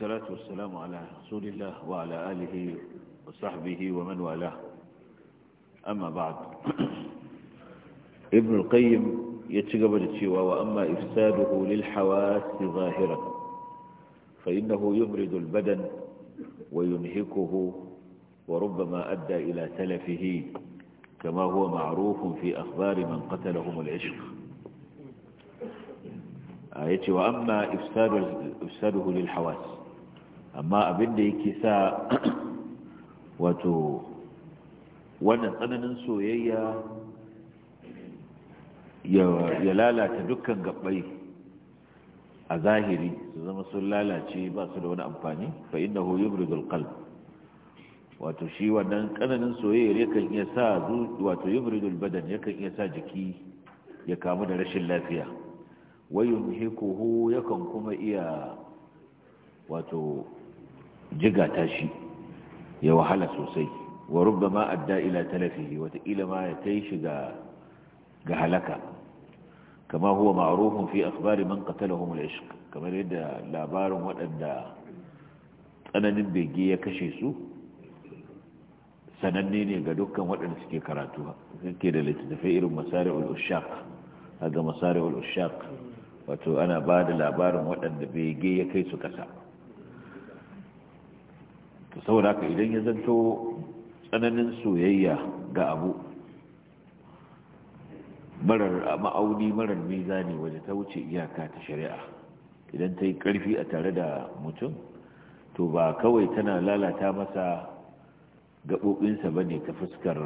والصلاة والسلام على رسول الله وعلى آله وصحبه ومن والاه أما بعد ابن القيم يتقبل التشيوى وأما إفساده للحواس ظاهرا فإنه يمرض البدن وينهكه وربما أدى إلى تلفه كما هو معروف في أخبار من قتلهم العشق آيتي آه، وأما إفساده, إفساده للحواس amma abin da yake sa wato wannan tsananin soyayya ya lalata dukkan gabbai a zahiri su zama sun lalace ba su da wani amfani fa inda hoyo birgul kalb wato shi wannan soyayya soyayyar yakan iya sa wato yubridul badan yakan iya sa jiki ya kamu da rashin lafiya wayun hikuhu yakan kuma iya wato jigata shi ya wahala sosai wa rubba ma adda ila talafihi wataƙila ma ya kai shi ga halaka kama huwa ma'arufin fi akhbari man qatalahum al kamar yadda labarin waɗanda tsananin bege ya kashe su sananne ne ga dukkan waɗanda suke karatu suke da littattafai irin masari'ul ushaq ga masari'ul ushaq wato ana ba da labarin waɗanda bege ya kai su kasa to saboda ka idan ya zanto tsananin soyayya ga abu marar ma'auni marar miza ne wadda ta wuce iyaka ta shari'a idan ta yi ƙarfi a tare da mutum to ba kawai tana lalata masa gaɓoɓinsa ba ne ta fuskar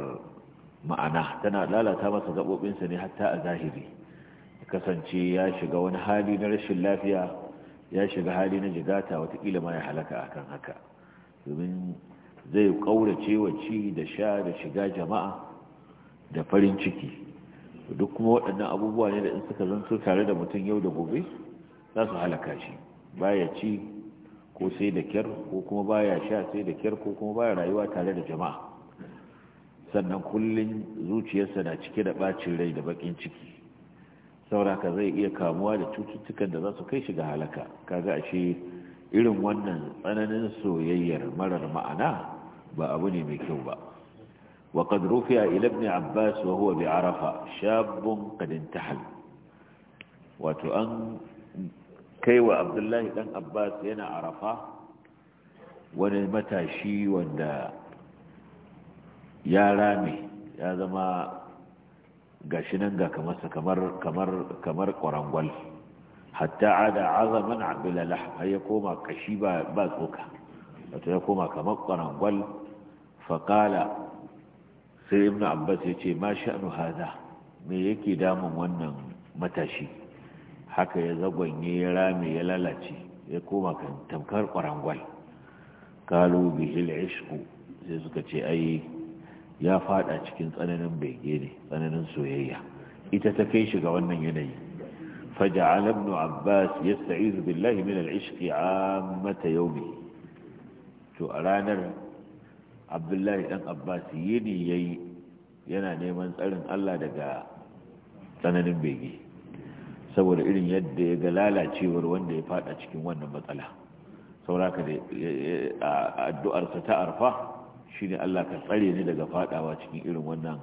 ma'ana tana lalata masa gaɓoɓinsa ne hatta a zahiri kasance ya shiga wani hali na rashin lafiya ya shiga hali na jigata watakila ma ya halaka akan haka domin zai kaurace wa ci da sha da shiga jama'a da farin ciki duk kuma waɗannan abubuwa ne da in suka zanto tare da mutum yau da gobe za su halaka shi baya ci ko sai da kyar ko kuma baya sha sai da kyar ko kuma baya rayuwa tare da jama'a sannan kullum zuciyarsa na cike da ɓacin rai da baƙin ciki sauraka zai iya kamuwa da cututtukan da za su kai shi ga halaka kaga ashe irin wannan tsananin soyayyar marar ma'ana ba abu ne mai kyau ba wa qad rufi'a ila ibn abbas wa huwa bi arafa shabun qad intahal wato an kaiwa abdullahi dan abbas yana arafa wani matashi wanda ya rame ya zama gashi nan ga kamarsa kamar kamar kamar kwarangwal hatta ada azaman abila ya koma kashi ba ba tsoka wato ya koma kamar kwarangwal faqala sai ibnu abbas ya ce ma sha'nu hada me yake damun wannan matashi haka ya zagonye ya rame ya lalace ya koma kan tamkar kwarangwal kalu bihil ishku sai suka ce ai ya fada cikin tsananin bege ne tsananin soyayya ita ta kai shi ga wannan yanayi فجعل ابن عباس يستعيذ بالله من العشق عامة يومه to a ranar abdullahi dan abbas yini yayi yana neman tsarin allah daga tsananin bege saboda irin yadda ya ga lalacewar wanda ya faɗa cikin wannan matsala sauraka da addu'arsa ta arfa shi ne allah ka tsare ni daga faɗawa cikin irin wannan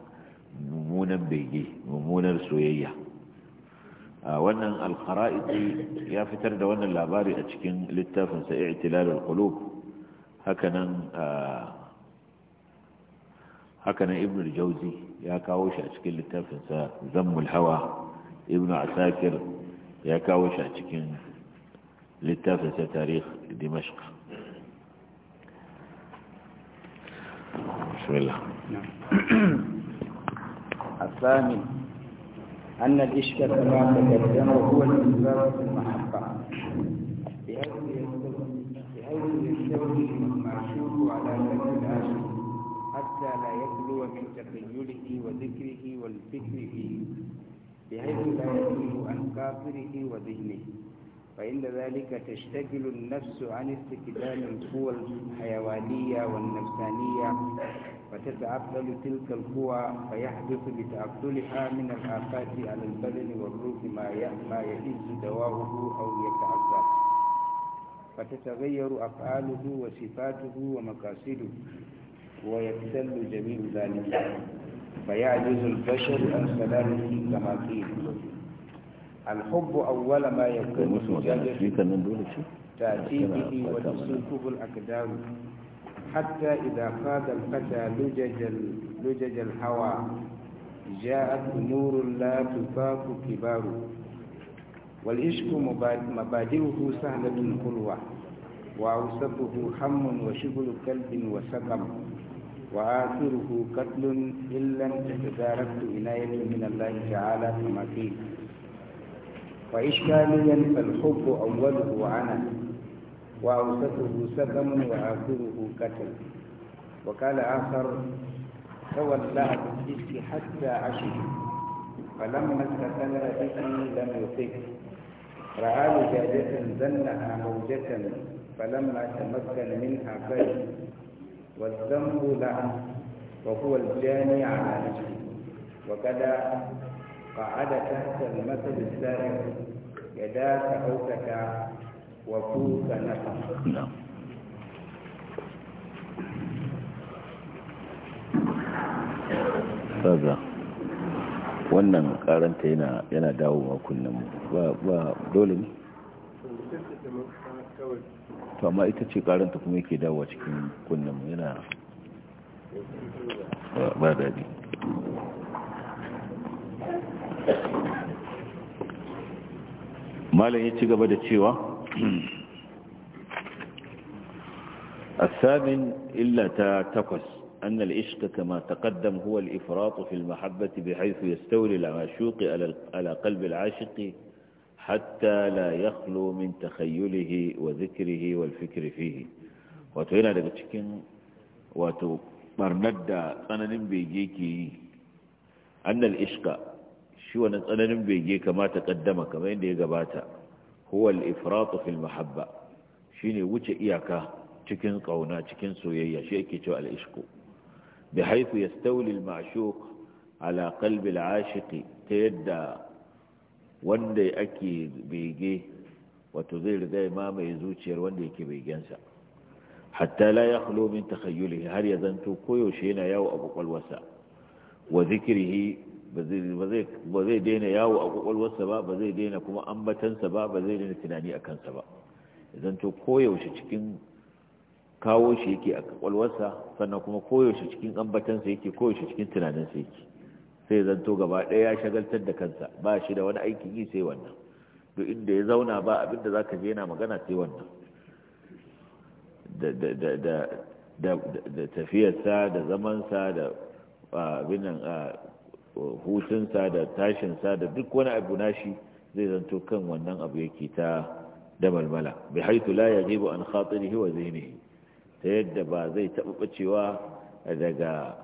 mummunan bege mummunar soyayya wannan alkhara'iti ya fitar da wannan labari a cikin littafinsa sa i'tilalul qulub hakanan hakanan ibnu jawzi ya kawo shi a cikin littafinsa sa zammul hawa ibnu asakir ya kawo shi a cikin littafinsa sa tarikh dimashq bismillah الثامن أن الإشكة كما تقدم هو الإنسان في المحبة بحيث يستوي المعشوق على نفس العاشق حتى لا يبلو من تخيله وذكره والفكر فيه بحيث لا يبلو عن كافره وذهنه فإن ذلك تشتكل النفس عن استكدام القوى الحيوانية والنفسانية فتتعطل تلك القوى فيحدث بتعطلها من الآفات على البدن والروح ما ما يئز دواؤه أو يتعذب فتتغير أفعاله وصفاته ومقاصده ويبتل جميع ذلك فيعجز البشر عن سلامه كما قيل الحب أول ما يكون تأتي به وتصيبه الأقدار حتى إذا قاد الفتى لجج, لجج الهوى جاءت نور لا تفاق كباره والعشق مبادئه سهلة خلوة وأوسطه حم وشغل كلب وسقم وآخره قتل إن لم تتداركت عناية من الله تعالى كما فيه وإشكاليا فالحب أوله عنه وأوسطه سقم وآخره قتل وقال آخر تولى بالإفك حتى عشر فلما استقر به لم يطيق رأى جادة زنها موجة فلما تمكن منها فجر والذنب له وهو الجاني على نفسه وكذا قعد تحت المثل السابق يداك أو وفوق نفسه نعم kaga wannan karanta yana yana wa kullum ba ba dole ne to amma ita ce karanta kuma yake dawo cikin kullum yana ba dadi malam ya ci gaba da cewa الثامن إلا تعتقس أن العشق كما تقدم هو الإفراط في المحبة بحيث يستولي العاشوق على قلب العاشق حتى لا يخلو من تخيله وذكره والفكر فيه على لبتكين وتو مرندا أننم بيجيكي أن العشق شو أننم بيجيك ما تقدم كما إندي قباتا هو الإفراط في المحبة شيني وجه إياكا تكين قونا تكين سويا شيكي تو الإشق بحيث يستولي المعشوق على قلب العاشق تيدا واندي أكي بيجي وتظهر ذا ماما يزوتشير واندي كي بيجنسا حتى لا يخلو من تخيله هل يذنتو كيو شينا يو أبو قلوسا وذكره ba zai daina yawo a kwakwalwarsa ba ba zai daina kuma ambatansa ba ba zai daina tunani a kansa ba idan to koyaushe cikin kawo shi yake a kwakwalwarsa sannan kuma koyaushe cikin ambatansa yake koyaushe cikin tunaninsa yake sai zan to gaba ɗaya ya shagaltar da kansa ba shi da wani aikin yi sai wannan duk inda ya zauna ba abinda za ka je yana magana sai wannan da tafiyarsa da zamansa da abin nan hutunsa da tashinsa da duk wani abu nashi zai zanto kan wannan abu yake ta damalmala bai haitu la yajibu an hewa zai ne ta yadda ba zai taɓa ɓacewa daga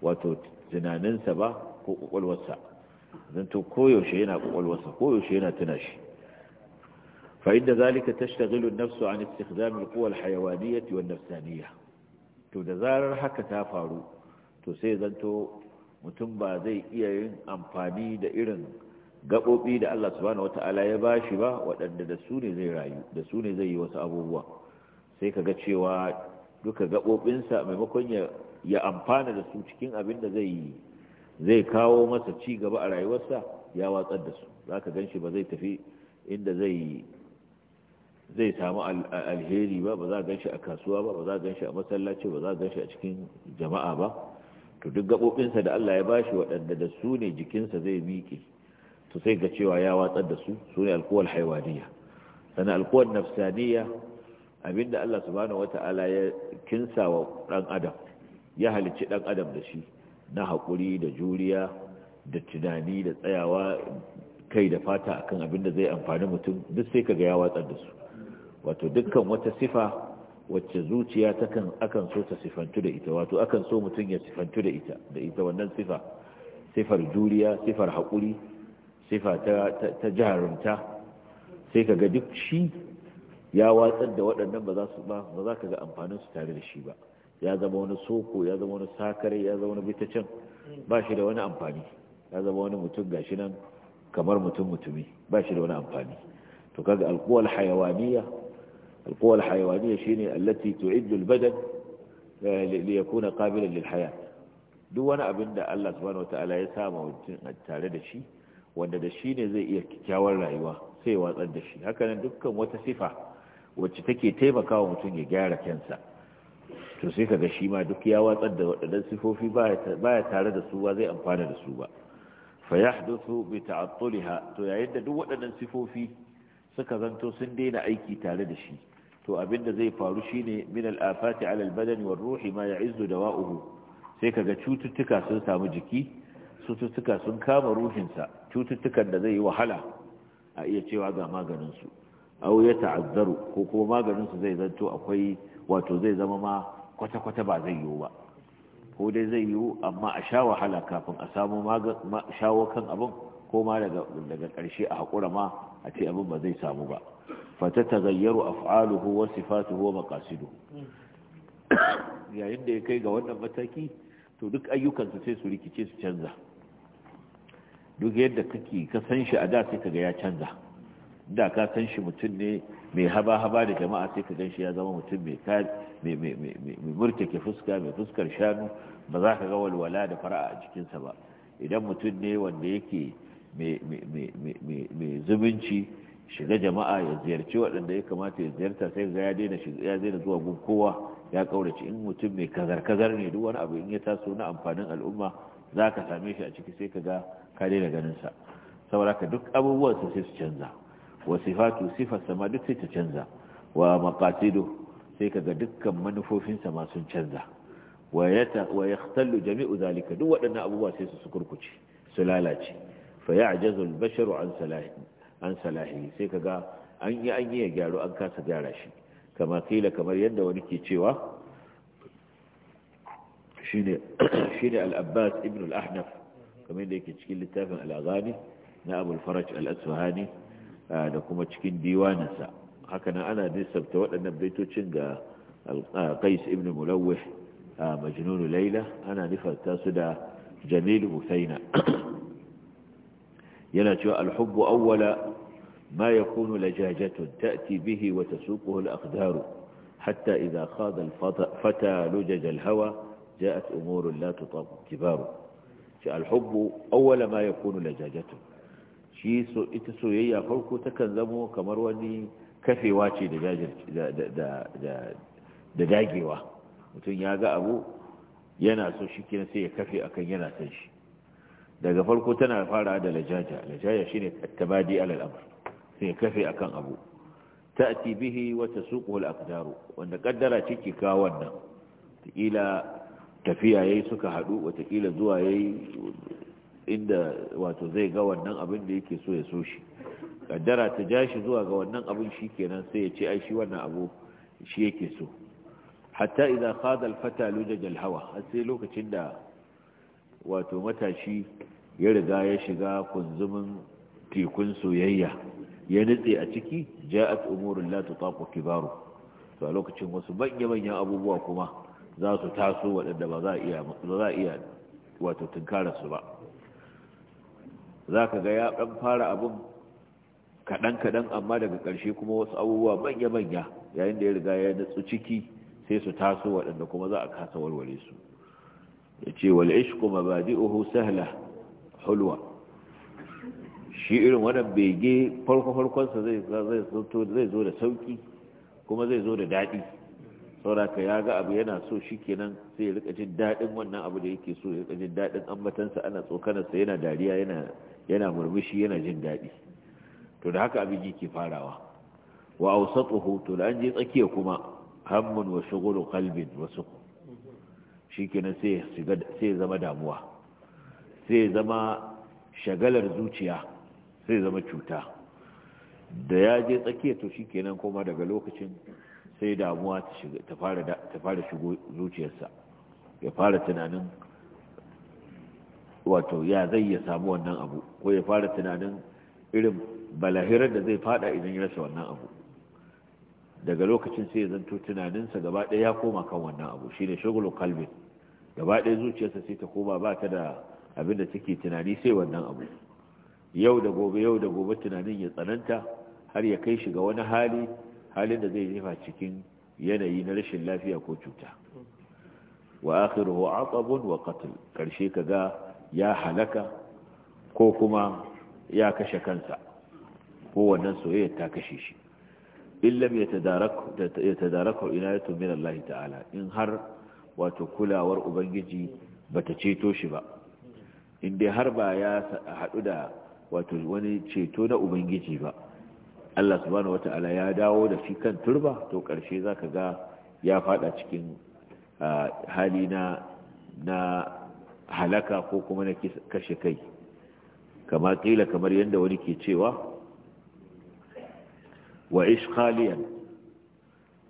wato tunaninsa ba ko ƙwaƙwalwarsa zanto koyaushe yana ƙwaƙwalwarsa koyaushe yana tuna shi فإن ذلك تشتغل النفس عن استخدام القوى الحيوانية nafsaniya. to da zarar haka ta faru to sai zanto mutum ba zai iya yin amfani da irin gaɓoɓi da Allah subhanahu wata'ala ya ba shi ba waɗanda da su ne zai rayu da su ne zai yi wasu abubuwa sai ka ga cewa duka gaɓoɓinsa maimakon ya amfana da su cikin abin da zai zai kawo masa ci gaba a rayuwarsa ya watsar da su za ka gan shi ba zai tafi inda zai zai samu alheri ba ba za a ganshi a kasuwa ba ba za a ganshi a masallaci ba za a ganshi a cikin jama'a ba to duk gaɓoɓinsa da Allah ya bashi waɗanda da su ne jikinsa zai miƙe to sai ga cewa ya watsar da su su ne alkuwal haiwaniya sannan alkuwal nafsaniya abinda Allah subhanahu wata'ala ya kinsa wa ɗan adam ya halicci ɗan adam da shi na haƙuri da juriya da tunani da tsayawa kai da fata akan abinda zai amfani mutum duk sai kaga ya watsar da su wato dukkan wata sifa wacce zuciya kan akan so ta sifantu da ita wato akan so mutum ya sifantu da ita da ita wannan sifa sifar juriya sifar haƙuri sifa ta jarumta sai ka ga duk shi ya watsar da waɗannan ba za su ba ba za ka ga amfanin su tare da shi ba ya zama wani soko ya zama wani sakare ya zama wani bitacen ba shi da wani amfani ya zama wani mutum gashi nan kamar mutum mutumi ba shi da wani amfani to kaga alkuwal hayawaniya القوى الحيوانية شيني التي تعد البدن ليكون قابلا للحياة duk wani abin da Allah subhanahu wataala ya sama mutum tare da shi wanda da shi ne zai iya kyawar rayuwa sai watsar da shi hakanan dukkan wata sifa wacce take taimakawa mutum ya gyara kansa to sai kaga shi ma duk ya watsar da waɗannan sifofi baya tare da su ba zai amfana da su ba fa yahdathu bi ta'attuliha to yayin da duk waɗannan sifofi suka zanto sun daina aiki tare da shi to abin da zai faru shine min al-afati ala al-badani war ruhi ma ya'izzu dawa'uhu sai kaga cututtuka sun samu jiki cututtuka sun kama ruhinsa cututtukan da zai yi wahala a iya cewa ga maganin su aw ya ta'azzaru ko kuma maganin su zai zanto akwai wato zai zama ma kwata kwata ba zai yiwu ba ko dai zai yiwu amma a sha wahala kafin a samu shawo kan abin ko ma daga daga karshe a hakura ma a ce abin ba zai samu ba فتتغير أفعاله وصفاته ومقاصده yayin da ya kai ga wannan mataki to duk ayyukansa sai su rikice su canza duk yadda kake ka san shi a da sai kaga ya canza da ka san shi mutum ne mai haba-haba da jama'a sai ka gan shi ya zama mutum mai murtake fuska mai fuskar shanu ba za ka ga walwala da fara'a a cikinsa ba idan mutum ne wanda yake mai zumunci shiga jama'a ya ziyarci waɗanda ya kamata ya ziyarta sai ga ya daina shiga ya daina zuwa gun kowa ya kaurace in mutum mai kazar kazar ne duk wani abu in ya taso na amfanin al'umma za ka same shi a ciki sai ka ga ka daina ganin sa saboda ka duk abubuwan sa sai su canza wa sifatu sifar sama duk sai ta canza wa maqasidu sai ka ga dukkan manufofin sa ma sun canza wa yata wa yahtallu jami'u zalika duk waɗannan abubuwa sai su sukurkuce su lalace fa ya'jazu al-basharu an salahihi an salahi sai kaga an yi an yi ya gyaru an kasa gyara shi kama kila kamar yadda wani ke cewa shine shine al-Abbas ibn al kamar yadda yake cikin littafin al'azani na abu'l al-Faraj al da kuma cikin diwaninsa haka nan ana nisabta waɗannan baitocin ga Qais ibn Mulawih majnun laila ana nifarta su da jamilu Husaina ينتهي الحب أول ما يكون لجاجة تأتي به وتسوقه الأقدار حتى إذا خاض الفتى لجج الهوى جاءت أمور لا تطاق كبار الحب أول ما يكون لجاجة إتسوية خلق تكذبوا كمرواني كفي واتي لجاجة دجاجة وتنياغ أبو ينا سوشي كنسي كفي أكن ينا سنشي daga farko tana fara da lajaja lajaja shine tabadi alal amr sai kafe akan abu ta'ti bihi wa tasuqu al-aqdar wanda kaddara ciki ka wannan kila tafiya yayi suka hadu wata kila zuwa yayi inda wato zai ga wannan abin da yake so ya so shi kaddara ta ja shi zuwa ga wannan abin shikenan sai ya ce ai shi wannan abu shi yake so hatta idza khada al-fata lujaj al-hawa sai lokacin da wato matashi ya riga ya shiga kunzumin tekun soyayya ya nutse a ciki ja'at umurul la tutaqu kibaru to a lokacin wasu manya-manyan abubuwa kuma za su taso waɗanda ba za a iya ba za a iya wato tunkara su ba za ka ga ya ɗan fara abin kaɗan-kaɗan amma daga ƙarshe kuma wasu abubuwa manya-manya yayin da ya riga ya nutsu ciki sai su taso waɗanda kuma za a kasa warware su yace wal ishqu mabadi'uhu sahla hulwa shi irin wannan bege farko farkon sa zai zo da sauki kuma zai zo da dadi sauraka ya ga abu yana so shi kenan sai ya rika jin daɗin wannan abu da yake so ya rika jin daɗin ambatansa ana tsokanarsa yana dariya yana murmushi yana jin daɗi to da haka abin yake farawa wa ausatuhu to da an je tsakiya kuma hammun wa shughulu qalbin wa shikenan sai sai zama damuwa sai zama shagalar zuciya sai zama cuta da ya je tsakiya to shikenan kuma daga lokacin sai damuwa ta fara shigo zuciyarsa ya fara tunanin wato ya zai ya samu wannan abu ko ya fara tunanin irin balahirar da zai fada idan ya rasa wannan abu daga lokacin sai ya zanto tunaninsa gaba ɗaya ya koma kan wannan abu shi ne kalbin gaba ɗaya zuciyarsa sai ta koma ba ta da abin da take tunani sai wannan abu yau da gobe yau da gobe tunanin ya tsananta har ya kai shi ga wani hali halin da zai jefa cikin yanayi na rashin lafiya ko cuta wa akhiruhu aqabun wa qatl karshe kaga ya halaka ko kuma ya kashe kansa ko wannan soyayya ta kashe shi illam yatadaraka yatadaraka inayatu min Allah ta'ala in har wato kulawar ubangiji ba ta ceto shi ba inda har ba ya haɗu da wato wani ceto na ubangiji ba Allah subhanahu ala ya dawo da shi kan turba to ƙarshe za ka ga ya fada cikin hali na halaka ko kuma na kashe kai kama kila kamar yadda wani ke cewa wa ish khaliyan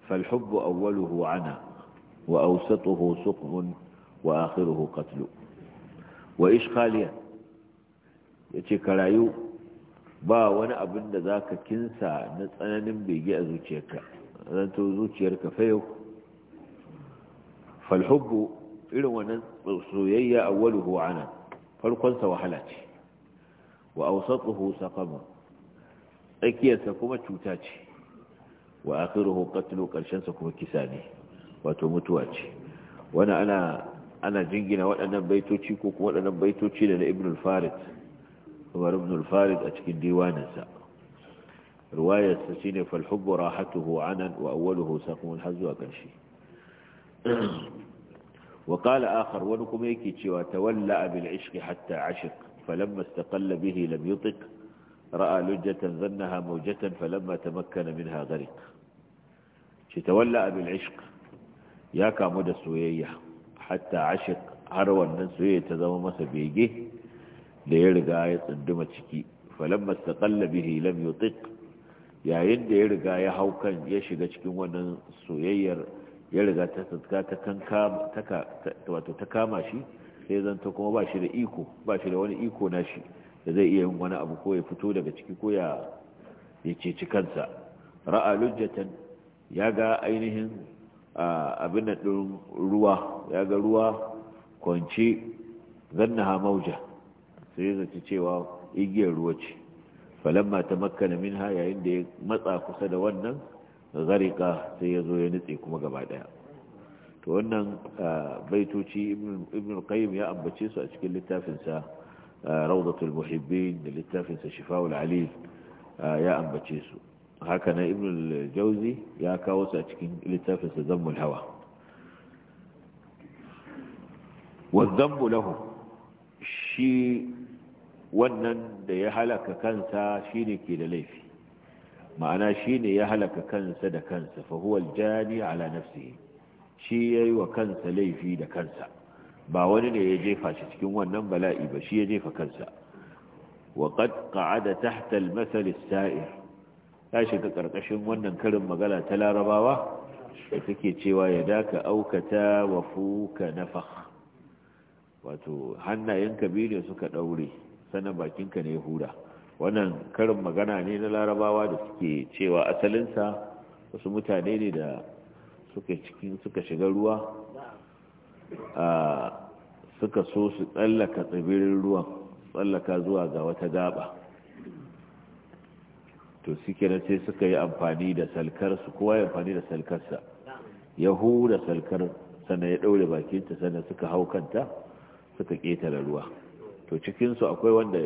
falhubbu awwaluhu ana وأوسطه سقم وآخره قتل وإشخاليا yace ka rayu ba wani abin da za ka kinsa na tsananin bege a zuciyarka zanto zuciyarka fayo falhubbu irin wannan soyayya awwaluhu ana farkonsa wahala ce wa awsatuhu saqama tsakiyarsa kuma cuta ce wa akhiruhu kuma kisa ne wato mutuwa ce wani ana ana jingina waɗannan baitoci ko kuma waɗannan baitoci da na ibn al-farid kuma ibn al-farid a cikin diwaninsa riwayar sa shine fal hubbu rahatuhu anan wa awwaluhu saqmun har zuwa ƙarshe wa qala akhar wani kuma yake cewa tawalla bil ishqi hatta ashiq falamma istaqalla bihi lam yutiq ra'a lujjatan zannaha mawjatan falamma tamakkana minha gharik shi tawalla bil ishqi ya kamu da soyayya hatta ashik har wannan soyayya ta zama masa bege da ya riga ya tsunduma ciki falamma istaqalla bihi lam yutiq yayin da ya riga ya hau kan ya shiga cikin wannan soyayyar ya riga ta tsaka ta kanka ta kama shi sai zan ta kuma ba shi da iko ba shi da wani iko na shi da zai iya yin wani abu ko ya fito daga ciki ko ya ya ceci kansa ra'a lujjatan ya ga ainihin abin da ɗin ruwa ya ga ruwa kwanci zannaha mauja sai ya zaci cewa igiyar ruwa ce falamma ta makkana minha yayin da ya matsa kusa da wannan zarika sai ya zo ya nutse kuma gaba daya to wannan baitoci ibn qayyim ya ambace su a cikin littafinsa rawdatul muhibbin da littafinsa shifa'ul alim ya ambace su haka na ibn jauzi ya kawo su a cikin littafinsa zammul hawa wazzambu lahu shi wannan da ya halaka kansa shi ke da laifi ma'ana shine ya halaka kansa da kansa fahuwal jani ala nafsihi shi ya yi wa kansa laifi da kansa ba wani ne ya jefa shi cikin wannan bala'i ba shi ya jefa kansa وقد قعد تحت المثل السائر ta shiga ƙarƙashin wannan karin magana ta larabawa da take cewa ya daka aukata wa fuka nafakh wato hannayenka biyu ne suka ɗaure bakin bakinka ne hura wannan karin magana ne na larabawa da suke cewa asalinsa wasu mutane ne da suka cikin suka shiga ruwa a suka so su tsallaka tsibirin ruwan tsallaka zuwa ga wata gaba to suke sai suka yi amfani da salkarsu kowa ya amfani da salkarsa ya hura salkar sannan ya ɗaure bakinta sannan suka hau kanta suka ketare ruwa to cikinsu akwai wanda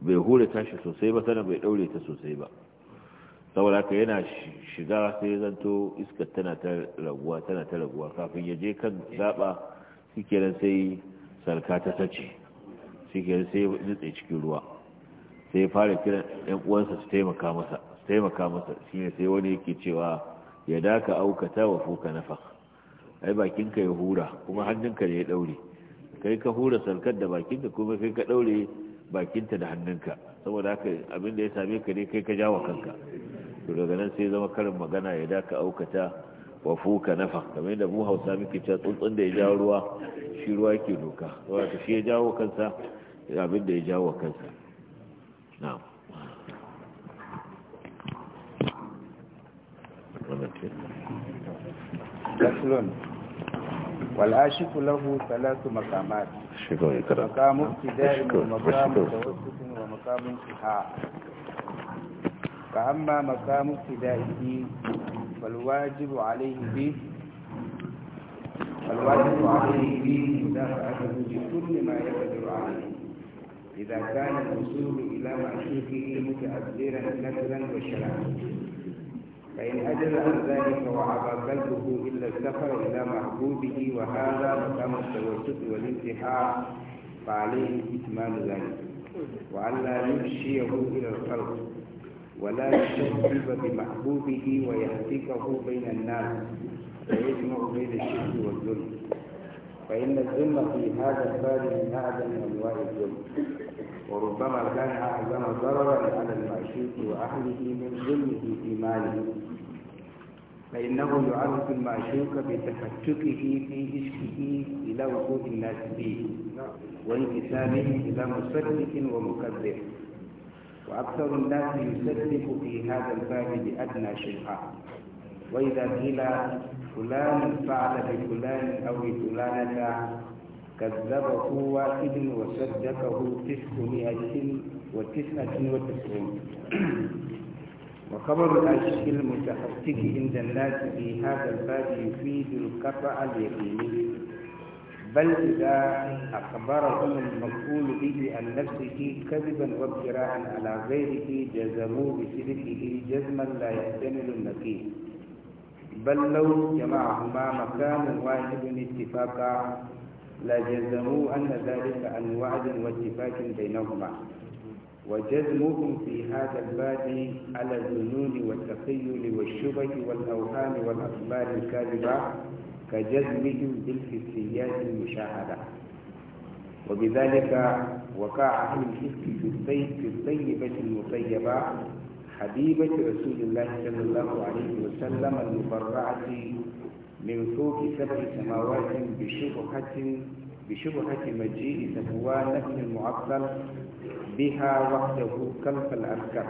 bai hura tashi sosai ba sannan bai daure ta sosai ba saboda haka yana shiga sai zanto iskar tana ta raguwa tana ta raguwa kafin ya je kan shi shikenan sai salka ta sace shikenan sai nutse cikin ruwa sai ya fara kiran ɗan uwansa su taimaka masa su taimaka masa shine sai wani yake cewa ya daka aukata wa fuka nafa ai bakinka ya hura kuma hannunka ne ya daure kai ka hura sarkar da ka kuma kai ka daure bakinta da hannunka saboda haka abin da ya same ka ne kai ka jawo kanka to daga nan sai zama karin magana ya daka aukata wa fuka nafa kamar yadda mu hausa muke cewa tsuntsun da ya jawo ruwa shi ruwa yake doka saboda shi ya jawo kansa abin da ya jawo kansa نعم والعاشق له ثلاث مقامات مقام ابتداء ومقام توسط ومقام انتهاء فأما مقام ابتدائه فالواجب عليه به فالواجب عليه به مدافعته بكل ما يقدر عليه إذا كان الوصول إلى معشوقه متأثرا نسلا وشرعا فإن أجل عن ذلك وعبى قلبه إلا السفر إلى محبوبه وهذا مقام التوسط والانتحار فعليه إتمام ذلك وألا يمشيه إلى الخلق ولا يشبب بمحبوبه ويهتكه بين الناس ويجمع بين الشرك والظلم فإن الذم في هذا الباب من أعظم أنواع الذم وربما كان أعظم ضررا على المعشوق وأهله من ظلمه في ماله فإنه يعرف المعشوق بتفتكه في عشقه إلى وقوع الناس فيه وانتسابه إلى مصدق ومكذب وأكثر الناس يصدق في هذا الباب بأدنى شيئا وإذا قيل فلان فعل بفلان أو بفلانة كذبه واحد وصدقه تسعمائة وتسعة وتسعون وخبر العشق المتحقق عند الناس في هذا الباب يفيد القطع اليقيني بل إذا أخبرهم المقول به عن نفسه كذبا وابتراء على غيره جزموا بشركه جزما لا يحتمل النكير بل لو جمعهما مكان واحد اتفاقا لجزموا أن ذلك عن وعد واتفاق بينهما وجزمهم في هذا الباب على الظنون والتخيل والشبه والأوهام والأخبار الكاذبة كجزمهم بالحسيات المشاهدة وبذلك وقع أهل الحس في الطيبة المطيبة حبيبة رسول الله صلى الله عليه وسلم المبرعة من فوق سبع سماوات بشبهة بشبهة مجيء سهوان بن المعطل بها وحده خلف الأذكر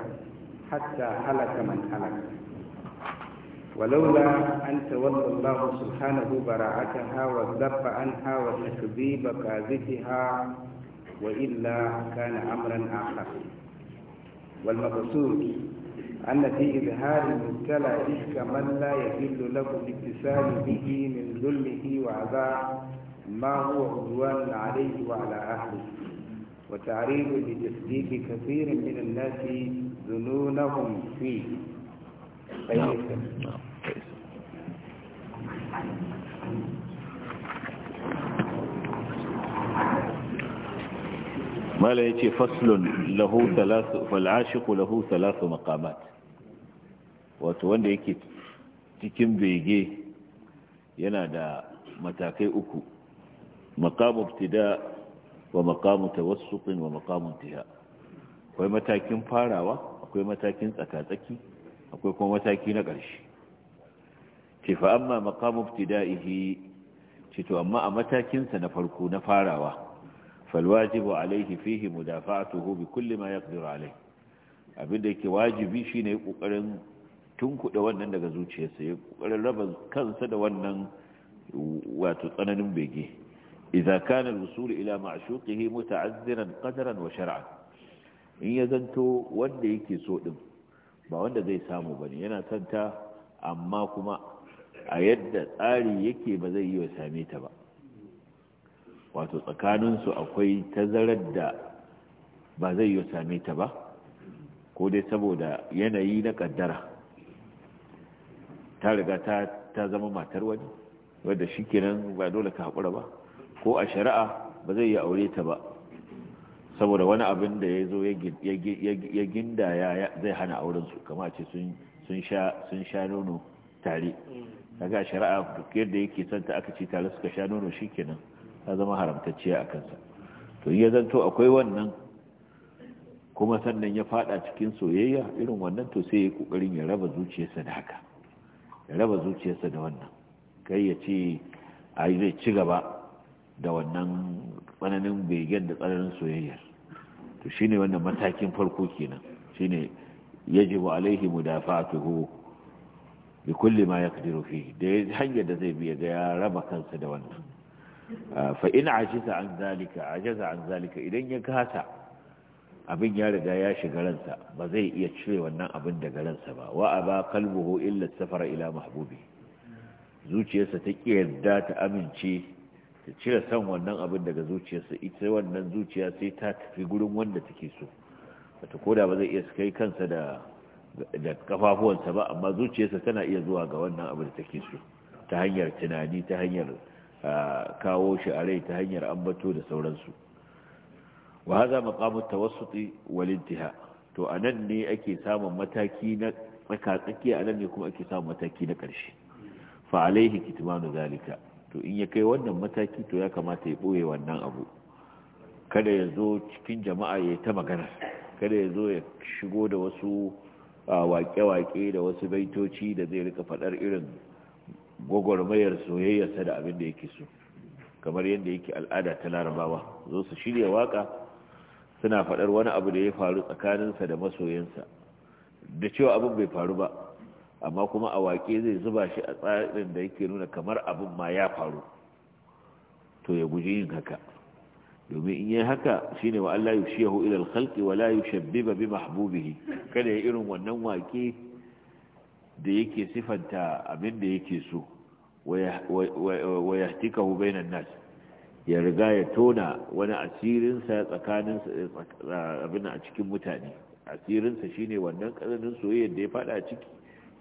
حتى هلك من هلك ولولا أن تولى الله سبحانه براعتها والذب عنها وتكذيب كاذبها وإلا كان أمرا آخر والمقصود أن في إظهار المبتلى إفك من لا يحل له الاتصال به من ظلمه وعذاب ما هو عدوان عليه وعلى أهله وتعريض لتصديق كثير من الناس ظنونهم فيه. نعم. mala ya ce faslun lahu talasu fal'ashiku lahu talasu maqamat wato wanda yake cikin bege yana da matakai uku maqamu ibtida wa maqamu tawassuq wa maqamu intiha akwai matakin farawa akwai matakin tsakatsaki akwai kuma mataki na ƙarshe ce fa amma maqamu ibtida'ihi ce to amma a matakinsa na farko na farawa فالواجب عليه فيه مدافعته بكل ما يقدر عليه abin da yake wajibi shine ya kokarin tunkuɗe wannan daga zuciyarsa ya kokarin raba kansa da wannan wato tsananin bege idza kana al-wusul ila ma'shuqihi muta'azziran qadaran wa shar'an in ya zanto wanda yake so din ba wanda zai samu bane yana santa amma kuma a yadda tsari yake ba zai yi wa same ta ba wato tsakaninsu akwai tazarar da ba zai yi same ta ba ko dai saboda yanayi na kaddara ta riga ta ta zama matar wani wadda shi kenan ba dole ka haƙura ba ko a shari'a ba zai yi aure ta ba saboda wani abin da ya zo ya ginda ya zai hana aurensu kama ce sun sha nono tare daga mm. shari'a yadda yake santa aka ce tare suka sha nono shi kenan ta zama haramtacciya a kansa to ya zanto akwai wannan kuma sannan ya fada cikin soyayya irin wannan to sai ya kokarin ya raba zuciyarsa da haka ya raba zuciyarsa da wannan kai ya ce a yi zai ci gaba da wannan tsananin begen da tsananin soyayyar to shine wannan matakin farko kenan shine wa alaihi mudafa'atuhu da kulli ma ya kaji rufi da hanyar da zai biya ga ya raba kansa da wannan Ah, fa ina ajiza an zalika ajiza an zalika idan ya kasa abin ya riga ya shiga ransa ba zai iya cire wannan abin daga ransa ba wa aba kalbuhu illa safara ila mahbubi zuciyarsa ta yarda ta amince ta cire san wannan abin daga zuciyarsa ita wannan zuciya sai ta tafi gurin wanda take so wata koda ba zai iya kai kansa da da kafafuwansa ba amma zuciyarsa tana iya zuwa ga wannan abin da take so ta hanyar tunani ta hanyar kawo shi a rai ta hanyar ambato da sauransu wa haza maqamu tawassuti wal intiha to anan ne ake samun mataki na tsakatsaki anan ne kuma ake samun mataki na ƙarshe fa alaihi kitmanu zalika to in ya kai wannan mataki to ya kamata ya boye wannan abu kada ya zo cikin jama'a ya ta magana kada ya zo ya shigo da wasu waƙe-waƙe da wasu baitoci da zai rika faɗar irin gwagwarmayar soyayyarsa da abin da yake so kamar yadda yake al'ada ta larabawa zo su shirya waka suna faɗar wani abu da ya faru tsakaninsa da masoyansa da cewa abin bai faru ba amma kuma a waƙe zai zuba shi a tsarin da yake nuna kamar abin ma ya faru to ya guji yin haka domin in yi haka shi ne wa Allah yushiyahu ila al-khalqi wa la yushabbiba bi mahbubihi kada ya irin wannan waƙe da yake sifanta abin da yake so wa yahtikahu nan nas ya riga ya tona wani asirinsa tsakanin abin a cikin mutane asirinsa ne wannan ƙazanin soyayyar da ya fada a ciki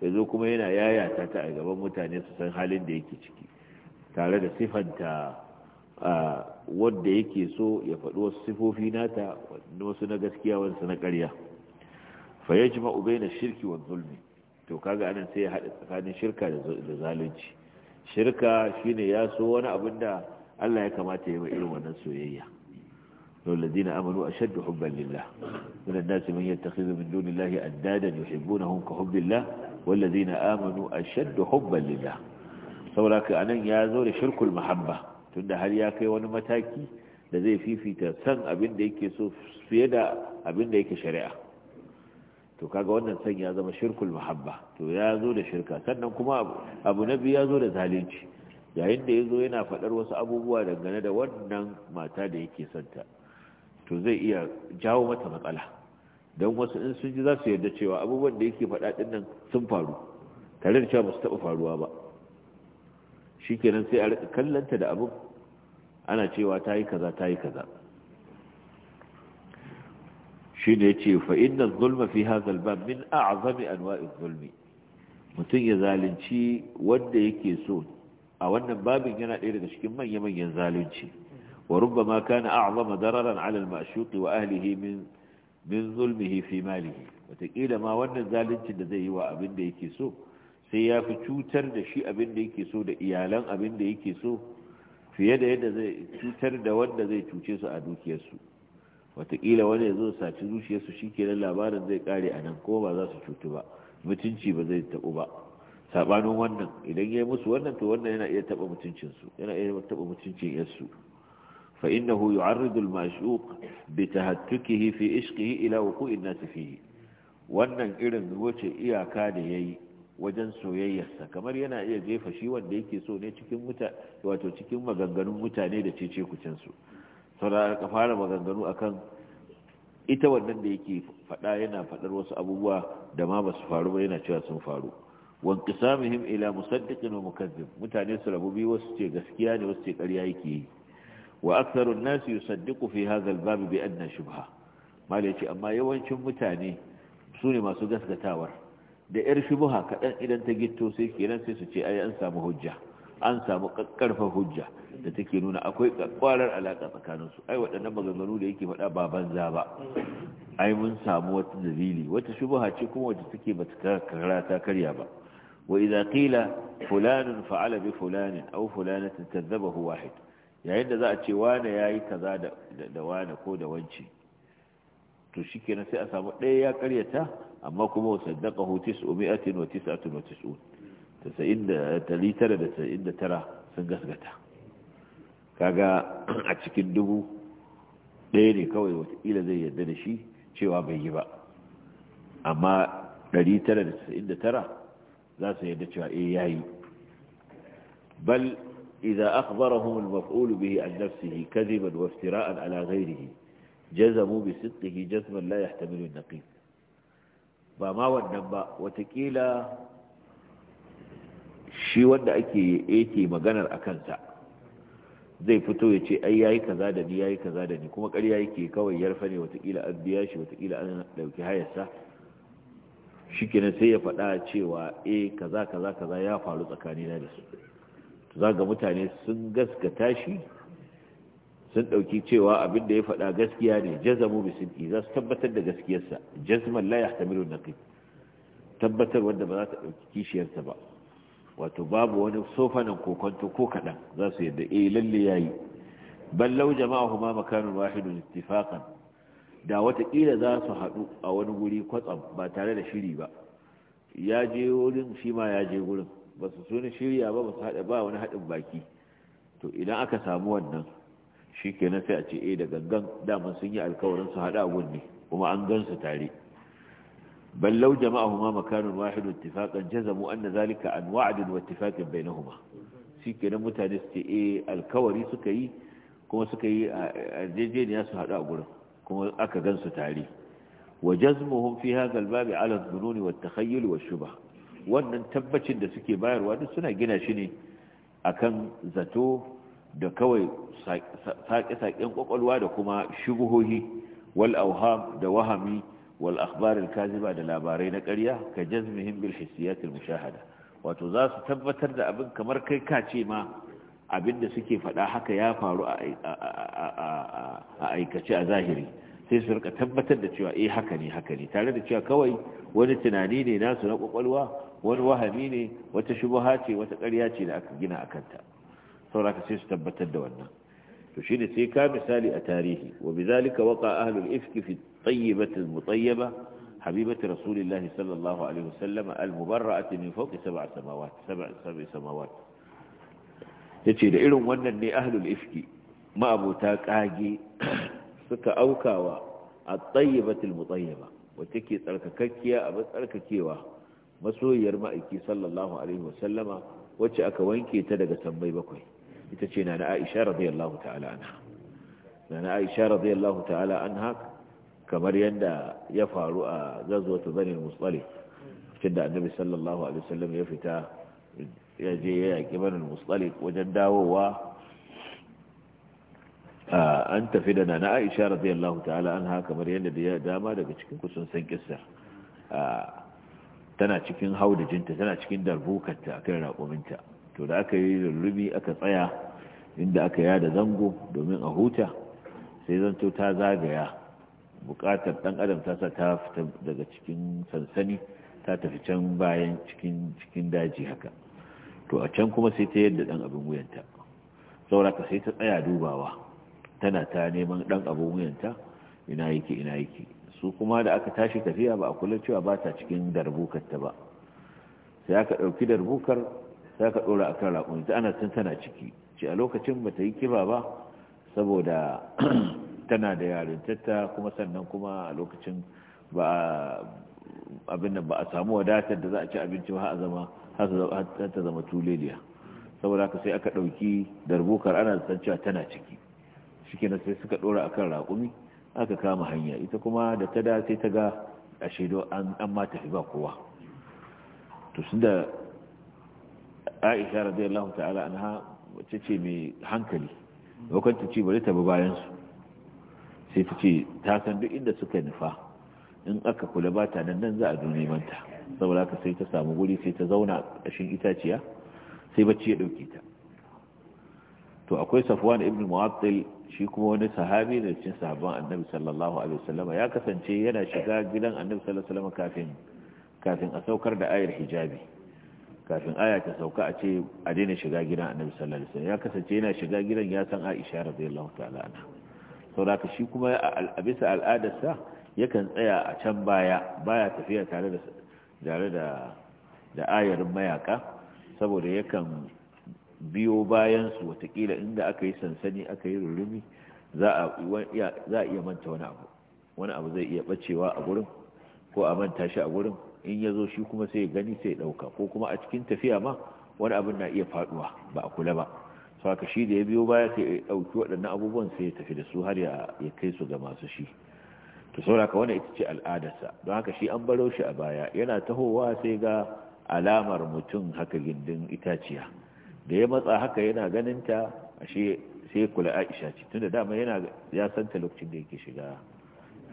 ya zo kuma yana yayata ta a gaban mutane su san halin da yake ciki tare da sifanta wadda yake so ya faɗi wasu sifofi nata wasu na gaskiya wasu na ƙarya fa ma'ubai na shirki wa zulmi to kaga anan sai ya haɗa tsakanin shirka da zalunci shirka shine ya so wani abin da Allah ya kamata ya yi irin wannan soyayya lau ladina amanu ashaddu hubban lillah min annasi man yattakhidhu min dunillahi addada yuhibbunahum ka hubbillah wal ladina amanu ashaddu hubban lillah saboda ka anan ya zo da shirkul mahabba tunda har ya kai wani mataki da zai fifita san abin da yake so fiye da abin da yake shari'a to kaga wannan san ya zama shirkul muhabba to ya zo da shirka sannan kuma abu na biyu ya zo da zalunci yayin da ya zo yana faɗar wasu abubuwa dangane da wannan mata da yake santa to zai iya jawo mata matsala don wasu in sun ji za su yarda cewa abubuwan da yake faɗa ɗin nan sun faru tare da cewa ba su taɓa faruwa ba shi kenan sai a kallanta da abin ana cewa ta yi kaza ta yi kaza shi da ya ce fa'innan zulma fi hazal ba min a'azami anwa'in zulmi mutum ya zalunci wanda yake so a wannan babin yana ɗaya daga cikin manya-manyan zalunci wa rubbama kana a'azama dararan alal mashuqi wa ahlihi min min zulmihi fi malihi wataƙila ma wannan zaluncin da zai yi wa abin da yake so sai ya fi cutar da shi abin da yake so da iyalan abin da yake so fiye da yadda zai cutar da wanda zai cuce su a dukiyarsu watakila wani ya zo saci zuciyarsu shi kenan labarin zai kare a nan ko ba za su cutu ba mutunci ba zai taɓu ba saɓanin wannan idan ya musu wannan to wannan yana iya taɓa mutuncinsu yana iya taɓa mutuncin yarsu fa innahu yu'arridu al-ma'shuq bi tahattukihi fi ishqihi ila wuqu'i an-nas fihi wannan irin wuce iyaka da yayi wajen soyayyarsa kamar yana iya jefa shi wanda yake so ne cikin wato cikin maganganun mutane da cece su saboda aka fara maganganu akan ita wannan da yake faɗa yana faɗar wasu abubuwa da ma basu faru ba yana cewa sun faru wanqisamihim ila musaddiqin wa mukazzib mutane su rabu biyu wasu ce gaskiya ne wasu ce ƙarya yake yi wa aktharu an-nas yusaddiqu fi hadha al-bab bi anna shubha mali yace amma yawancin mutane su ne masu gaskatawar da yar shubha kaɗan idan ta gitto sai kenan sai su ce ai an samu hujja an samu kakkarfa hujja da take nuna akwai kwarar alaƙa tsakaninsu ai waɗannan maganganu da yake faɗa ba banza ba ai mun samu wata dalili wata shubaha ce kuma wata take ba ta karata karya ba wa idza qila fulanun fa'ala bi fulanin aw fulanatin kadzabahu wahid yayin da za a ce wane yayi kaza da da wane ko da wanci to shikenan sai a samu ɗaya ya karyata amma kuma saddaqahu 999 da 99 sun gasgata kaga a cikin dubu ɗaya ne kawai watakila zai yadda da shi cewa bai yi ba amma 999 za su yadda cewa eh yayi bal idan akhbarahum al-maf'ul bihi an nafsihi kadiban wa iftira'an ala ghayrihi jazamu bi sidqihi jazman la yahtamilu an-naqib ba ma wannan ba watakila shi wanda ake yake maganar akan sa zai fito ya ce ai yayi kaza da ni yayi kaza da ni kuma ƙarya yake kawai yarfa ne watakila an biya shi watakila an dauki hayarsa shikenan sai ya faɗa cewa eh kaza kaza kaza ya faru tsakanina da su zaga mutane sun gaskata shi sun dauki cewa abin da ya faɗa gaskiya ne jazamu bi sidqi za su tabbatar da gaskiyarsa jazman la yahtamilu naqib tabbatar wanda ba za ta dauki kishiyarsa ba wato babu wani sofanin kokonto ko kaɗan za su yadda eh lalle ya yi ballau jama'ahu ma makanin wahidun ittifaqan da watakila za su haɗu a wani guri kwatsam ba tare da shiri ba ya je wurin shi ma ya je wurin ba su suna shirya ba ba su haɗa ba wani haɗin baki to idan aka samu wannan shi kenan sai a ce eh da gangan daman sun yi alkawarin su haɗa a ne kuma an gan su tare بل لو جمعهما مكان واحد اتفاقا جزموا أن ذلك عن وعد واتفاق بينهما شكرا متانستي إيه الكوري سكي كما سكي الجيجين ياسو هذا أقول كما أكدن ستعلي وجزمهم في هذا الباب على الظنون والتخيل والشبه wannan tabbacin da suke bayarwa duk suna gina shi ne akan zato da kawai saƙe-saƙen ƙwaƙwalwa da kuma shubuhohi wal auham da wahami wal akhbar al kaziba da labarai na ƙarya ka jazmihim bil hissiyat al mushahada wato za su tabbatar da abin kamar kai ka ce ma abin da suke faɗa haka ya faru a aikace a zahiri sai su rika tabbatar da cewa eh haka ne haka ne tare da cewa kawai wani tunani ne nasu na kwakwalwa wani wahami ne wata shubuha ce wata karya ce da aka gina a kanta sauraka sai su tabbatar da wannan to shine sai ka misali a tarihi wa bizalika waqa ahlul ifki fi الطيبة المطيبة حبيبة رسول الله صلى الله عليه وسلم المبرأة من فوق سبع سماوات سبع سبع سماوات yace da irin wannan ne ahlul ifki ma'abuta kage suka aukawa at-tayyibatul mutayyiba wacce ke tsarkakakkiya a tsarkakewa masoyiyar ma'aiki sallallahu alaihi wasallama wacce aka wanke ta daga sammai bakwai ita ce na na Aisha radiyallahu ta'ala anha ta'ala anha kamar yadda ya faru a ta zane musali cikin da annabi sallallahu alaihi wasallam ya fita ya je ya yaki bani musali wajen dawowa an tafi da nana aisha radiyallahu ta'ala an anha kamar yadda da ya dama daga cikin kusan san kissa tana cikin haudajinta tana cikin darbukanta a kan raƙominta to da aka yi lullubi aka tsaya inda aka yada zango domin a huta sai zanto ta zagaya bukatar ɗan adam ta sa ta fita daga cikin sansani ta tafi can bayan cikin cikin daji haka to a can kuma sai ta yadda ɗan abin wuyanta sauraka sai ta tsaya dubawa tana ta neman ɗan abin wuyanta ina yake ina yake su kuma da aka tashi tafiya ba a kula cewa ba ta cikin darbukar ta ba sai aka ɗauki darbukar sai aka ɗora akan rakon ita ana tun tana ciki ce a lokacin ba ta yi kiba ba saboda tana da yarintarta kuma sannan kuma a lokacin ba abin da ba a samu wadatar da za a ci abinci ba a zama har ta zama tuleliya saboda haka sai aka ɗauki darbukar ana san cewa tana ciki shike na sai suka ɗora akan raƙumi aka kama hanya ita kuma da ta da sai ta ga a shaido an ma tafi ba kowa to sun da aisha radiyallahu ta'ala anha ce ce mai hankali lokacin ci bari ta bi bayansu sai ta ce ta san duk inda suka nufa in aka kula ba ta nan za a duni manta saboda haka sai ta samu guri sai ta zauna a ƙashin itaciya sai bacci ya ɗauke ta to akwai safwan ibn mu'attil shi kuma wani sahabi da cikin sahabban annabi sallallahu alaihi wasallam ya kasance yana shiga gidan annabi sallallahu alaihi wasallam kafin kafin a saukar da ayar hijabi kafin aya ta sauka a ce a daina shiga gidan annabi sallallahu alaihi wasallam ya kasance yana shiga gidan ya san Aisha radiyallahu ta'ala anha sauraka shi kuma a bisa al'adarsa yakan tsaya a can baya baya tafiya tare da da ayarin mayaka saboda yakan biyo bayan su watakila inda aka yi sansani aka yi rurumi za a iya manta wani abu wani abu zai iya bacewa a gurin ko a manta shi a gurin in ya zo shi kuma sai gani sai ya ɗauka ko kuma a cikin tafiya ma wani abin na iya faduwa ba a kula ba saka shi da ya biyo baya sai ya ɗauki waɗannan abubuwan sai ya tafi da su har ya kai su ga masu shi to ka wani ita ce al'adarsa don haka shi an baro shi a baya yana tahowa sai ga alamar mutum haka gindin itaciya da ya matsa haka yana ganinta ashe sai kula aisha ce tunda dama yana ya ta lokacin da yake shiga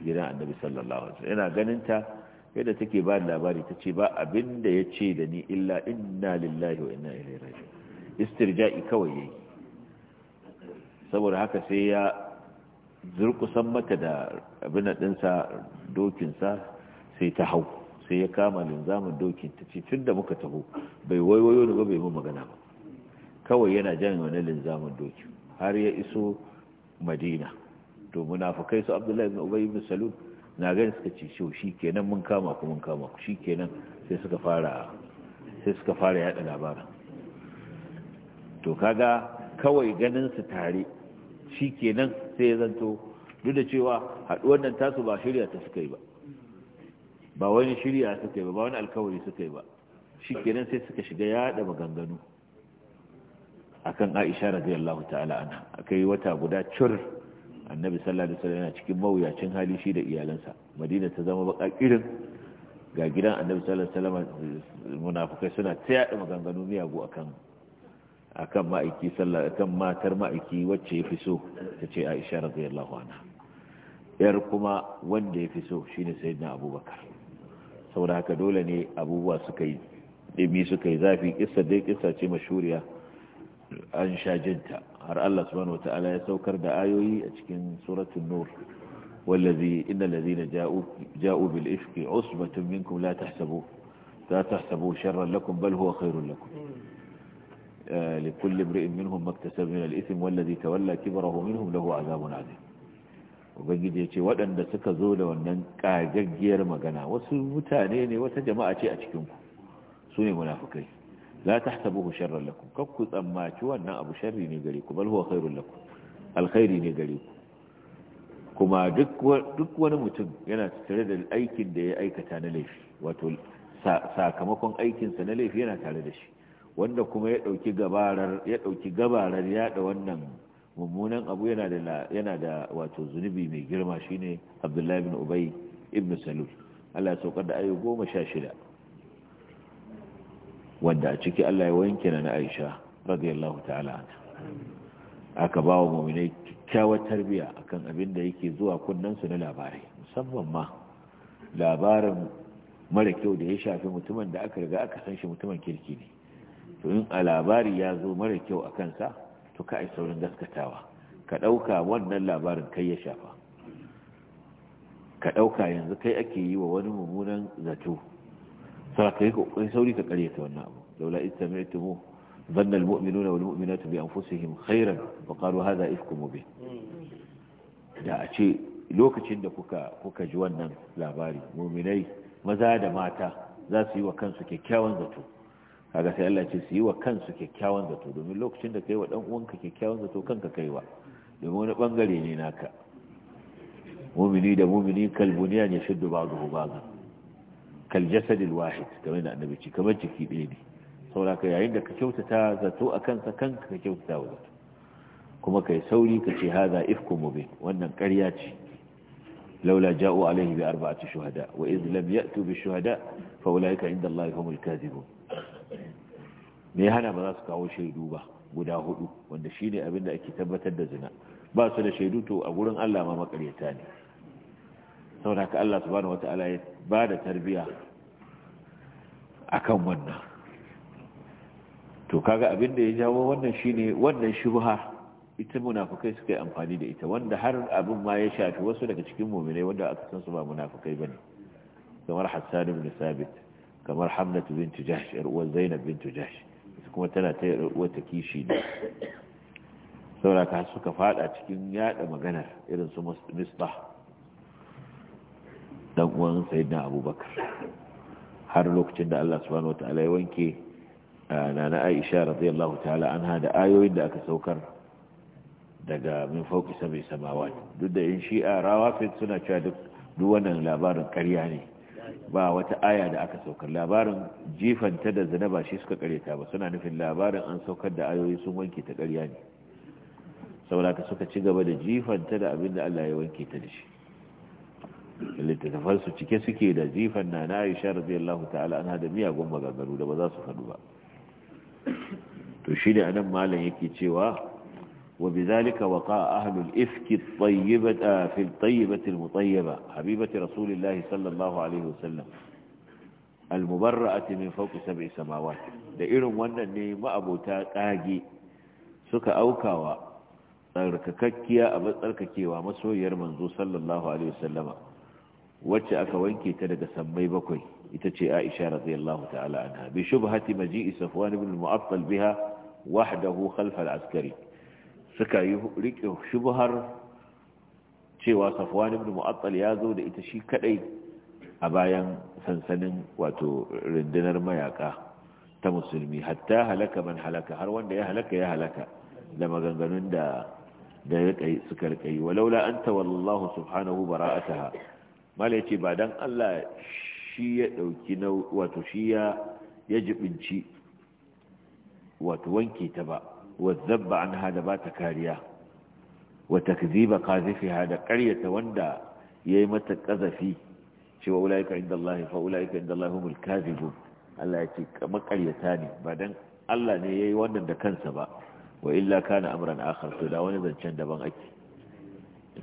gidan annabi sallallahu alaihi wasallam yana ganinta yadda take ba labari ta ce ba abin da ya ce da ni illa inna lillahi wa inna ilaihi raji'un istirja'i kawai yayi saboda haka sai ya zurkusan mata da abin ɗinsa dokinsa sai ta hau sai ya kama linzamin dokin ta ce tun da muka taho bai waiwayo da ba bai mun magana ba kawai yana jan wani linzamin dokin har ya iso madina to munafukai su abdullahi ibn ubay ibn salul na gani suka ce shi kenan mun kama ku mun kama ku shikenan sai suka fara sai suka fara yada labarin to kaga kawai ganin su tare shi kenan sai ya zanto duk da cewa haɗuwar nan tasu ba shirya ta suka yi ba ba wani shirya suka yi ba ba wani alkawari suka yi ba shi kenan sai suka shiga yaɗa maganganu akan Aisha radiyallahu ta'ala ana akai wata guda cur annabi sallallahu alaihi wasallam yana cikin mawuyacin hali shi da iyalansa madina ta zama baka irin ga gidan annabi sallallahu alaihi wasallam munafikai suna ta yada maganganu miyagu akan akan ma'aiki sallah kan matar ma'aiki wacce ya fi so ta ce aisha radiyallahu anha yar kuma wanda ya fi so shine na abubakar saboda haka dole ne abubuwa suka yi ɗimi suka yi zafi kissa dai ƙisa ce mashuriya an sha jinta har Allah subhanahu wataala ya saukar da ayoyi a cikin suratun nur wallazi innal ladina ja'u ja'u bil ifki usbatun minkum la tahsabu la tahsabu sharran lakum bal huwa khairun lakum لكل امرئ منهم ما اكتسب من الإثم والذي تولى كبره منهم له عذاب عظيم ubangiji ya ce waɗanda suka zo da wannan ƙagaggiyar magana wasu mutane ne wata jama'a ce a cikinku su ne munafukai la ta sabu ku sharrar lakum kakku tsammaci wannan abu sharri ne gare ku bal huwa khairul lakum alkhairi ne gare ku kuma duk wani mutum yana tare da aikin da ya aikata na laifi wato sakamakon aikinsa na laifi yana tare da shi wanda kuma ya ɗauki gabarar ya ɗauki gabarar yaɗa wannan mummunan abu yana da yana da wato zunubi mai girma shine abdullahi bin ubay ibn salul Allah ya saukar da ayu goma sha shida wanda a ciki Allah ya wanke na Aisha radiyallahu ta'ala aka ba wa mu'minai kyakkyawar tarbiya akan abin da yake zuwa kunnan su na labarai musamman ma labarin mara kyau da ya shafi mutumin da aka riga aka san shi mutumin kirki ne to in a labari ya zo mara kyau a kansa to ka saurin gaskatawa ka ɗauka wannan labarin kai ya shafa ka ɗauka yanzu kai ake yi wa wani mummunan zato sai ka yi sauri ka ta wannan abu laula istami'tumu ظن المؤمنون والمؤمنات بأنفسهم خيرا وقالوا هذا ifku مبين da a ce lokacin da kuka ji wannan labari muminai maza da mata za su yi wa kansu kyakkyawan zato kaga sai Allah ce su yi wa kansu kyakkyawan zato domin lokacin da kai wa dan uwanka kyakkyawan zato kanka kaiwa domin wani bangare ne naka mumini da mumini kalbuniyan ne shuddu ba ba'dha kal jasadil wahid kamar da annabi ce kamar jiki ɗaya ne saboda ka yayin da ka kyautata zato a kansa kanka ka kyautata wa zato kuma kai sauri ka ce haza ifku mubin wannan ƙarya ce laula ja'u alaihi bi arba'ati shuhada wa idh lam ya'tu bi shuhada fa ulaika inda Allah humul kadhibun me hana ba za su kawo shaidu ba guda hudu wanda shine abin da ake tabbatar da zina ba su da shaidu to a gurin Allah ma makaryata ne saboda haka Allah subhanahu wataala ya ba da tarbiya akan wannan to kaga abin ya jawo wannan shine wannan shubha ita munafukai suka yi amfani da ita wanda har abin ma ya shafi wasu daga cikin muminai wanda aka san su ba munafukai bane kamar Hassan ibn Sabit kamar Hamnatu bint Jahsh yar uwar Zainab bint Jahsh kuma tana ta wata kishi ne sauraka suka fada cikin yada maganar irin su misba dan uwan na abubakar har lokacin da Allah subhanahu wataala ya wanke na na Aisha radiyallahu ta'ala anha da ayoyin da aka saukar daga min fauki sabai samawa duk da yin shi'a rawafid suna cewa duk wannan labarin karya ne ba wata aya da aka saukar labarin jifanta da zanaba shi suka kareta ba suna nufin labarin an saukar da ayoyi sun wanke ta ƙarya ne saboda suka ci gaba da jifanta da abin da Allah ya wanke ta da shi littattafan cike suke da jifan na na Aisha radiyallahu ta'ala ana da miyagun maganganu da ba za su faɗu ba to shi ne anan malam yake cewa وبذلك وقاء أهل الإفك الطيبة آه، في الطيبة المطيبة حبيبة رسول الله صلى الله عليه وسلم المبرأة من فوق سبع سماوات لإنهم أن النيم أبو تاقي سكا أوكا وطرك ككيا أبطرك كي ومسو يرمنزو صلى الله عليه وسلم وچأك وينكي تلقى سمي بكوي إتشي آئشة رضي الله تعالى عنها بشبهة مجيء صفوان بن المعطل بها وحده خلف العسكري suka yi riƙe shubuhar cewa safwan ibn mu'attal ya zo da ita shi kadai a bayan sansanin wato rundunar mayaka ta musulmi hatta halaka man halaka har wanda ya halaka ya halaka da maganganun da da suka rikai walaula anta wallahu subhanahu bara'ataha mala yace ba dan Allah shi ya dauki wato shi ya jibinci wato wanke ta ba والذب عنها دبات كاريا وتكذيب قاذفها دقرية وندا يمت قذفي شو أولئك عند الله فأولئك عند الله هم الكاذبون الله يتيك مقرية ثاني بعدين الله نيي وانا دكان سبا وإلا كان أمرا آخر فلا ونزل شند بان أكي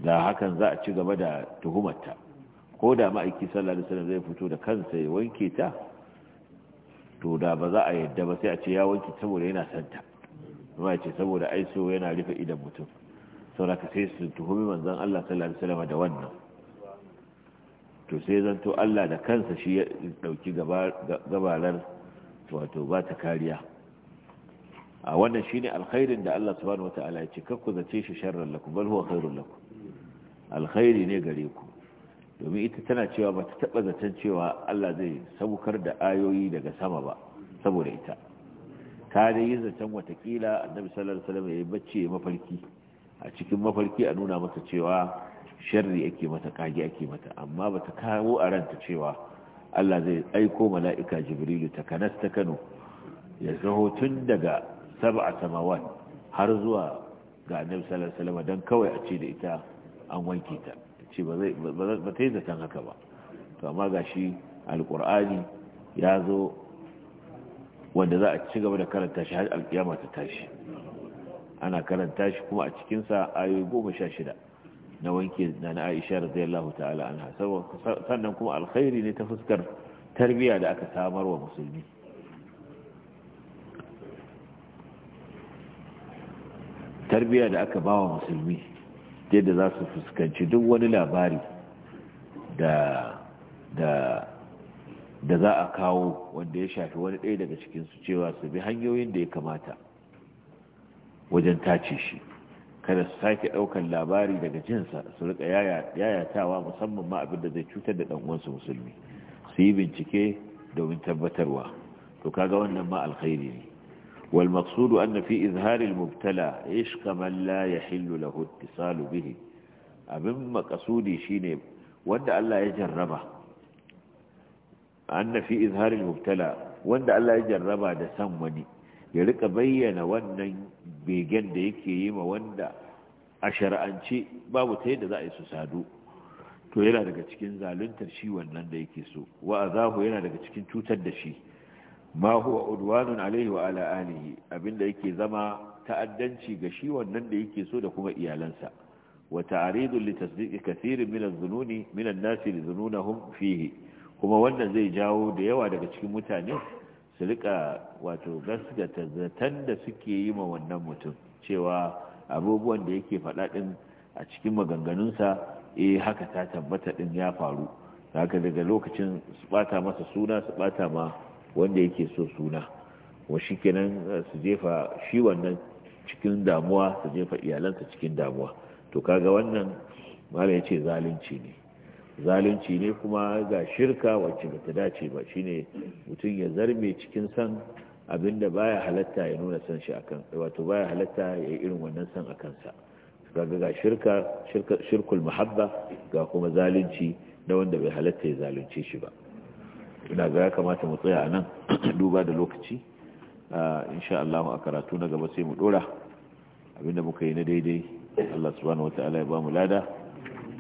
لا هكذا ذات شغب دا تهمتا قودا ما أكي صلى الله عليه وسلم زي فتو دكان سي وانكي تا to da ba za a yadda ba sai a ce ya wanke saboda yana santa kuma ce saboda aiso yana rufe idan mutum sauraka sai su tuhumi manzon Allah sallallahu alaihi wasallam da wannan to sai zanto Allah da kansa shi ya dauki gabarar wato ba ta kariya a wannan shine alkhairin da Allah subhanahu wataala ya ce kakku zace shi sharran laku bal huwa khairul laku alkhairi ne gare ku domin ita tana cewa ba ta taba zaton cewa Allah zai saukar da ayoyi daga sama ba saboda ita ka dai yi zaton watakila annabi sallallahu alaihi wasallam ya yi bacci mafarki a cikin mafarki a nuna mata cewa sharri yake mata kage ake mata amma bata kawo a ranta cewa Allah zai aiko mala'ika jibrilu ta kanas Kano ya zaho tun daga sab'a samawan har zuwa ga annabi sallallahu alaihi wasallam dan kawai a ce da ita an wanke ta ce ba zai ta yi zaton haka ba to amma gashi alqur'ani ya zo wanda za a ci gaba da karanta shi har alkiyama ta tashi ana karanta shi kuma a cikin sa ayoyi goma sha shida na wanke da na aisha radiyallahu ta'ala anha sannan kuma alkhairi ne ta fuskar tarbiyya da aka samar wa musulmi tarbiyya da aka bawa musulmi yadda za su fuskanci duk wani labari da da za a kawo wanda ya shafi wani ɗaya daga cikinsu cewa su bi hanyoyin da ya kamata wajen tace shi kada su sake ɗaukar labari daga jinsa su rika yayatawa musamman ma abin da zai cutar da ɗan'uwansu musulmi su yi bincike domin tabbatarwa to kaga wannan ma alkhairi ne wal maqsudu anna fi izhari al mubtala ishqa man la yahillu lahu ittisalu bihi abin maqsudi shine wanda Allah ya jarraba annafi izharil mubtala wanda Allah ya jarraba da san wani ya rika bayyana wannan begen da yake yi ma wanda a shara'ance babu ta yadda za a yi su sadu to yana daga cikin zaluntar shi wannan da yake so wa azahu yana daga cikin cutar da shi ma huwa udwanun alaihi wa ala alihi abinda yake zama ta'addanci ga shi wannan da yake so da kuma iyalansa wa ta'aridun li tasdiqi kathirin min az-zununi min an-nasi li zununahum fihi kuma wannan zai jawo da yawa daga cikin mutane su rika wato gaskata zaton da suke yi ma wannan mutum cewa abubuwan da yake faɗa ɗin a cikin maganganunsa eh haka ta tabbata ɗin ya faru haka daga lokacin su ɓata masa suna su ɓata ma wanda yake so suna wa shi kenan eh, su jefa shi wannan cikin damuwa su jefa iyalansa cikin damuwa to kaga wannan mala ya ce zalunci ne zalunci ne kuma ga shirka wacce ba ta dace ba shine mutum ya zarme cikin san abin da baya halatta ya nuna san shi akan wato baya halatta ya yi irin wannan san a kansa kaga ga shirka shirkul muhabba ga kuma zalunci da wanda bai halatta ya zalunce shi ba ina ga ya kamata mu tsaya nan duba da lokaci insha Allah a karatu na gaba sai mu dora da muka yi na daidai Allah subhanahu wataala ya ba mu lada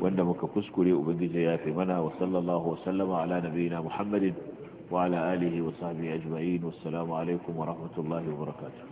wanda muka kuskure ubangiji ya fi mana wa sallallahu wasallama ala nabiyina muhammadin wa ala alihi wa sahbihi ajma'in wassalamu alaikum wa rahmatullahi wa barakatuh